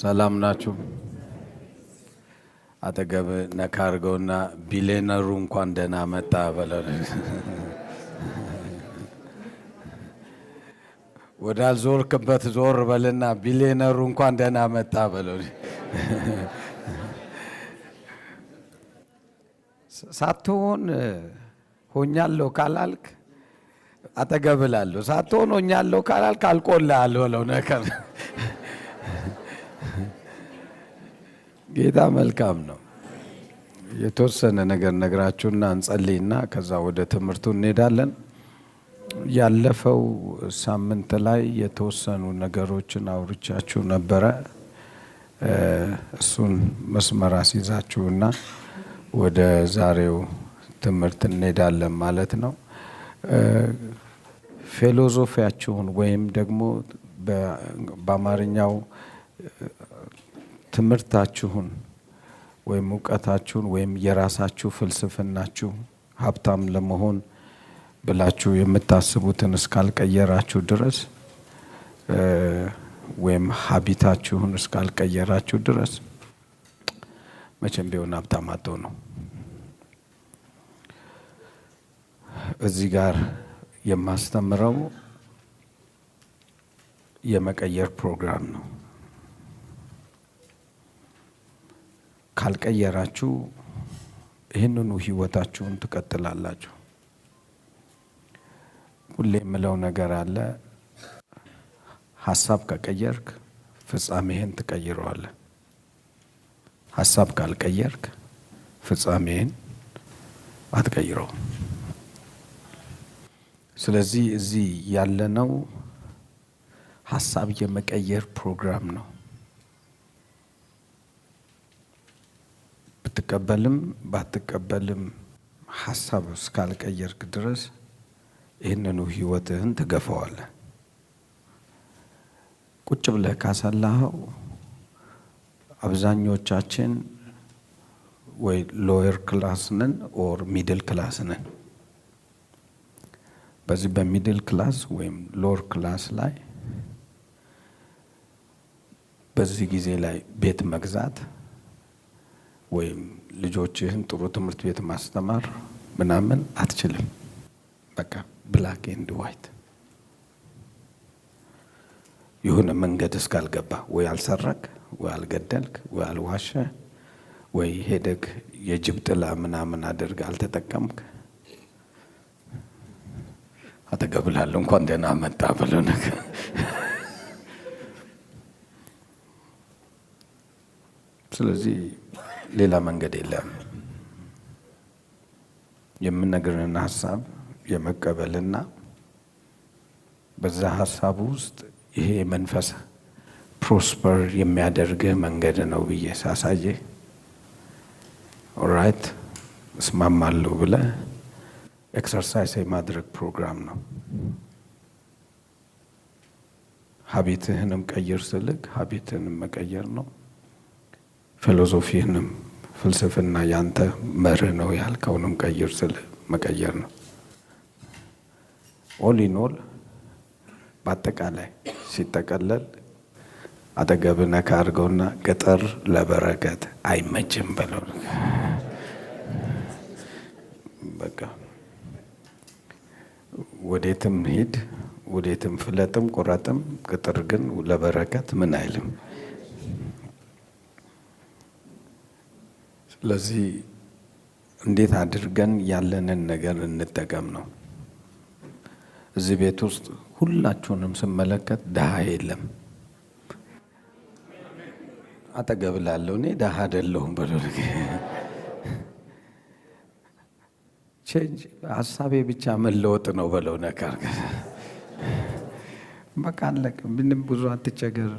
ሰላም ናችሁ? አጠገብ ነካ አድርገውና ቢሊየነሩ እንኳን ደህና መጣ በለው። ወዳልዞርክበት ዞር በልና ቢሊየነሩ እንኳን ደህና መጣ በለው። ሳትሆን ሆኛለሁ ካላልክ አጠገብላለሁ። ሳትሆን ሆኛለሁ ካላልክ አልቆልሃል በለው ነገር ጌታ መልካም ነው። የተወሰነ ነገር ነግራችሁና እንጸልይና ከዛ ወደ ትምህርቱ እንሄዳለን። ያለፈው ሳምንት ላይ የተወሰኑ ነገሮችን አውርቻችሁ ነበረ። እሱን መስመር አስይዛችሁና ወደ ዛሬው ትምህርት እንሄዳለን ማለት ነው። ፊሎዞፊያችሁን ወይም ደግሞ በአማርኛው ትምህርታችሁን ወይም እውቀታችሁን ወይም የራሳችሁ ፍልስፍናችሁ ሀብታም ለመሆን ብላችሁ የምታስቡትን እስካልቀየራችሁ ድረስ ወይም ሀቢታችሁን እስካልቀየራችሁ ድረስ መቼም ቢሆን ሀብታም ነው። እዚህ ጋር የማስተምረው የመቀየር ፕሮግራም ነው። ካልቀየራችሁ ይህንኑ ህይወታችሁን ትቀጥላላችሁ። ሁሌ የምለው ነገር አለ። ሀሳብ ከቀየርክ ፍጻሜህን ትቀይረዋለ። ሀሳብ ካልቀየርክ ፍጻሜህን አትቀይረውም። ስለዚህ እዚህ ያለነው ሀሳብ የመቀየር ፕሮግራም ነው። ብትቀበልም ባትቀበልም ሀሳብ እስካልቀየርክ ድረስ ይህንኑ ህይወትህን ትገፈዋለ። ቁጭ ብለህ ካሰላኸው አብዛኞቻችን ወይ ሎየር ክላስ ነን ኦር ሚድል ክላስ ነን። በዚህ በሚድል ክላስ ወይም ሎር ክላስ ላይ በዚህ ጊዜ ላይ ቤት መግዛት ወይም ልጆችህን ጥሩ ትምህርት ቤት ማስተማር ምናምን አትችልም። በቃ ብላክ ኤንድ ዋይት የሆነ መንገድ እስካልገባ ወይ አልሰረቅ፣ ወይ አልገደልክ፣ ወይ አልዋሸ፣ ወይ ሄደክ የጅብ ጥላ ምናምን አድርግ አልተጠቀምክ አተገብላለሁ እንኳን ደህና መጣ ብሎ ነገር ስለዚህ ሌላ መንገድ የለም። የምነግርንና ሀሳብ የመቀበልና በዛ ሀሳብ ውስጥ ይሄ መንፈስ ፕሮስፐር የሚያደርግህ መንገድ ነው ብዬ ሳሳየ ኦራይት እስማማለሁ ብለ ኤክሰርሳይስ የማድረግ ፕሮግራም ነው። ሀቢትህንም ቀይር ስልክ ሀቢትህንም መቀየር ነው። ፊሎሶፊህንም ፍልስፍና ያንተ መርህ ነው ያልከውንም ቀይር ስል መቀየር ነው። ኦል ኢን ኦል በአጠቃላይ ሲጠቀለል አጠገብ ነካ ገጠር ቅጥር ለበረከት አይመችም በለው። በቃ ወዴትም ሂድ፣ ወዴትም ፍለጥም ቁረጥም፣ ቅጥር ግን ለበረከት ምን አይልም። ስለዚህ እንዴት አድርገን ያለንን ነገር እንጠቀም ነው። እዚህ ቤት ውስጥ ሁላችሁንም ስመለከት ድሃ የለም። አጠገብ ላለው እኔ ድሃ አይደለሁም። ቼንጅ ሀሳቤ ብቻ መለወጥ ነው በለው ነገር በቃ አለቀ። ምንም ብዙ አትቸገር።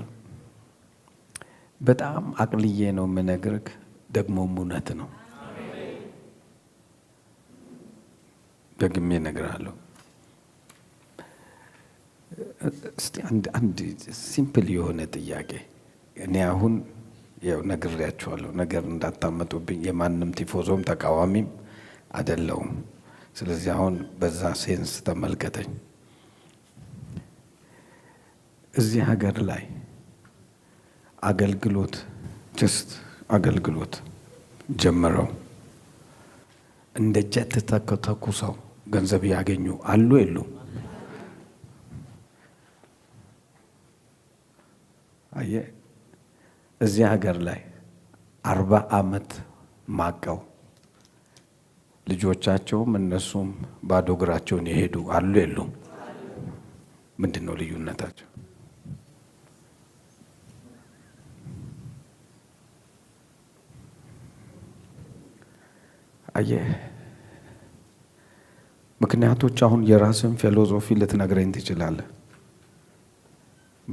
በጣም አቅልዬ ነው የምነግርህ። ደግሞም እውነት ነው። ደግሜ እነግራለሁ። እስቲ አንድ ሲምፕል የሆነ ጥያቄ እኔ አሁን ያው ነግሬያችኋለሁ፣ ነገር እንዳታመጡብኝ። የማንም ቲፎዞም ተቃዋሚም አይደለሁም። ስለዚህ አሁን በዛ ሴንስ ተመልከተኝ። እዚህ ሀገር ላይ አገልግሎት ጀስት አገልግሎት ጀምረው እንደ ጀት ተኩሰው ገንዘብ ያገኙ አሉ የሉ አየ እዚህ ሀገር ላይ አርባ አመት ማቀው ልጆቻቸውም እነሱም ባዶ እግራቸውን የሄዱ አሉ የሉም? ምንድን ነው ልዩነታቸው? አየህ ምክንያቶች አሁን የራስን ፊሎዞፊ ልትነግረኝ ትችላለ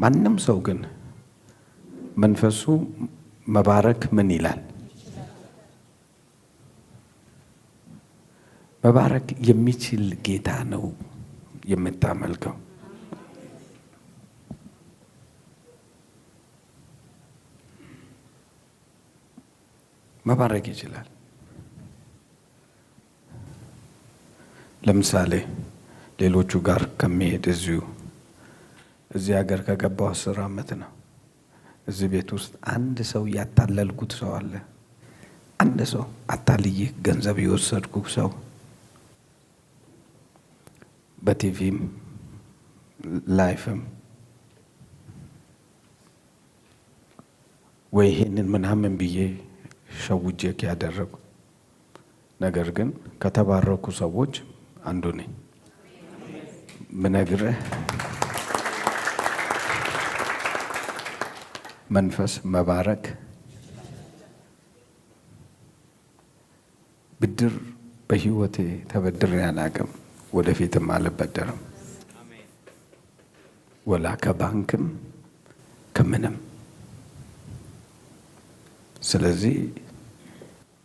ማንም ሰው ግን መንፈሱ መባረክ ምን ይላል? መባረክ የሚችል ጌታ ነው የምታመልከው። መባረክ ይችላል። ለምሳሌ ሌሎቹ ጋር ከሚሄድ እዚሁ እዚህ ሀገር ከገባው አስር አመት ነው። እዚህ ቤት ውስጥ አንድ ሰው ያታለልኩት ሰው አለ? አንድ ሰው አታልዬ ገንዘብ የወሰድኩ ሰው በቲቪም ላይፍም ወይ ይሄንን ምናምን ብዬ ሸውጄክ ያደረጉ ነገር ግን ከተባረኩ ሰዎች አንዱ ነኝ ምነግርህ መንፈስ መባረክ ብድር በህይወቴ ተበድር ያላቅም ወደፊትም አልበደርም። ወላ ከባንክም ከምንም። ስለዚህ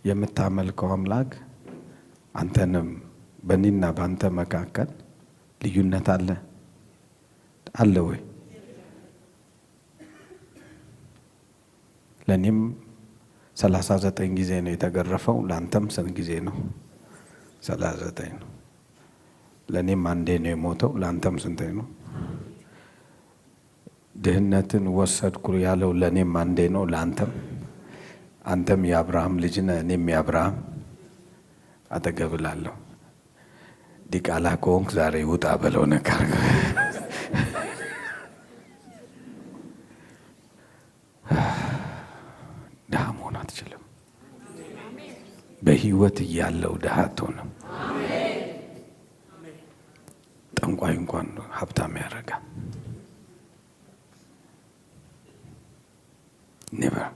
የምታመልከው አምላክ አንተንም በእኔና በአንተ መካከል ልዩነት አለ አለ ወይ? ለእኔም ሰላሳ ዘጠኝ ጊዜ ነው የተገረፈው። ለአንተም ስንት ጊዜ ነው? ሰላሳ ዘጠኝ ነው። ለእኔም አንዴ ነው የሞተው። ለአንተም ስንት ነው? ድህነትን ወሰድኩ ያለው ለእኔም አንዴ ነው። ለአንተም አንተም የአብርሃም ልጅ ነህ፣ እኔም የአብርሃም አጠገብላለሁ። ዲቃላ ከሆንክ ዛሬ ውጣ በለው ነካር ድሃ መሆን አትችልም። በህይወት እያለው ድሃ አትሆንም። ጠንቋይ እንኳን ሀብታም ያደርጋል። ኔቨር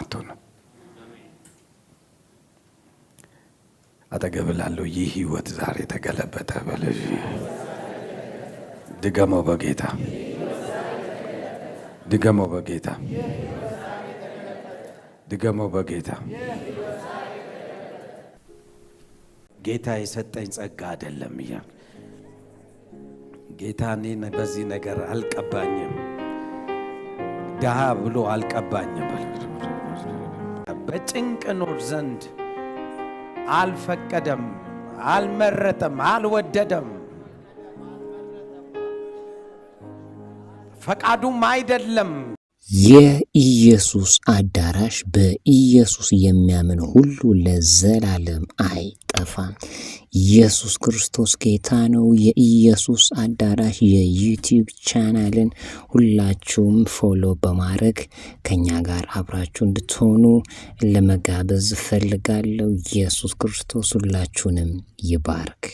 አትሆንም። አጠገብ ላለው ይህ ህይወት ዛሬ ተገለበጠ በልጅ ድገመው፣ በጌታ ድገመው፣ በጌታ ድገመው፣ በጌታ ጌታ የሰጠኝ ጸጋ አይደለም እያ ጌታ እኔ በዚህ ነገር አልቀባኝም፣ ድሃ ብሎ አልቀባኝም፣ በጭንቅ ኖር ዘንድ አልፈቀደም፣ አልመረጠም፣ አልወደደም። ፈቃዱም አይደለም የኢየሱስ አዳራሽ በኢየሱስ የሚያምን ሁሉ ለዘላለም አይጠፋም። ኢየሱስ ክርስቶስ ጌታ ነው። የኢየሱስ አዳራሽ የዩቲዩብ ቻናልን ሁላችሁም ፎሎ በማድረግ ከኛ ጋር አብራችሁ እንድትሆኑ ለመጋበዝ እፈልጋለሁ። ኢየሱስ ክርስቶስ ሁላችሁንም ይባርክ።